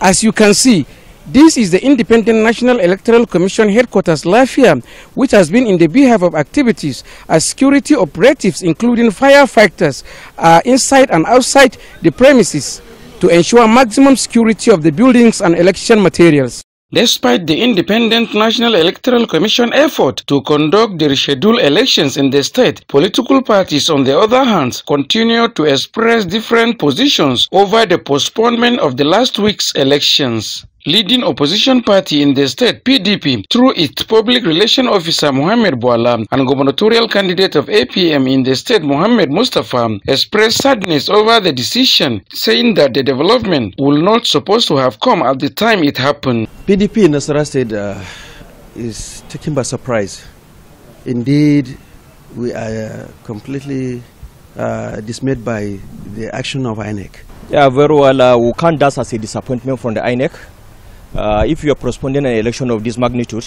As you can see, this is the Independent National Electoral Commission headquarters, Lafia, which has been in the behalf of activities as security operatives, including firefighters, are uh, inside and outside the premises to ensure maximum security of the buildings and election materials despite the Independent National Electoral Commission effort to conduct the rescheduled elections in the state. Political parties, on the other hand, continue to express different positions over the postponement of the last week's elections. Leading opposition party in the state, PDP, through its public relation officer Mohamed Bouala and gubernatorial candidate of APM in the state Mohamed Mustafa, expressed sadness over the decision, saying that the development will not supposed to have come at the time it happened. PDP in Nasara State uh, is taken by surprise. Indeed, we are uh, completely uh, dismayed by the action of INEC. Yeah, very well. Uh, we count that as a disappointment from the INEC uh, if you are postponing an election of this magnitude,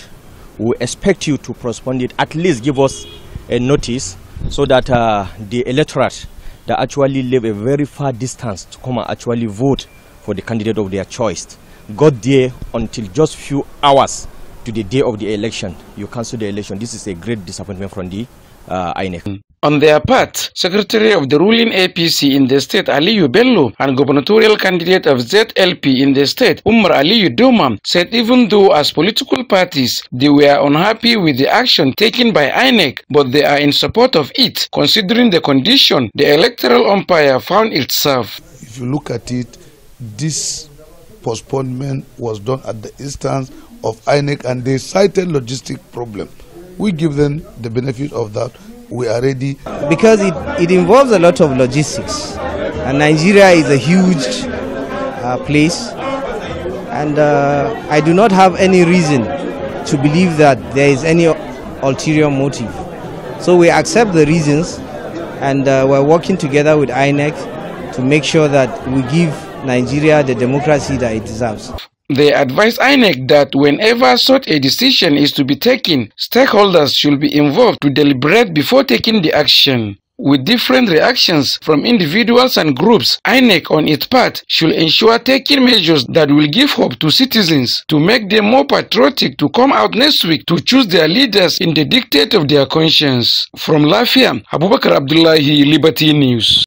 we expect you to postpone it, at least give us a notice so that uh, the electorate that actually live a very far distance to come and actually vote for the candidate of their choice got there until just few hours to the day of the election. You cancel the election. This is a great disappointment from the uh, INEC. Hmm. On their part, Secretary of the ruling APC in the state Aliyu Bello and gubernatorial candidate of ZLP in the state Umar Aliyu Duman said even though as political parties they were unhappy with the action taken by INEC but they are in support of it considering the condition the electoral umpire found itself. If you look at it, this postponement was done at the instance of INEC and they cited logistic problems we give them the benefit of that. We are ready. Because it, it involves a lot of logistics. And Nigeria is a huge uh, place. And uh, I do not have any reason to believe that there is any ulterior motive. So we accept the reasons and uh, we're working together with INEC to make sure that we give Nigeria the democracy that it deserves. They advise INEC that whenever such a decision is to be taken, stakeholders should be involved to deliberate before taking the action. With different reactions from individuals and groups, INEC on its part should ensure taking measures that will give hope to citizens to make them more patriotic to come out next week to choose their leaders in the dictate of their conscience. From Lafia, Abubakar Abdullahi, Liberty News.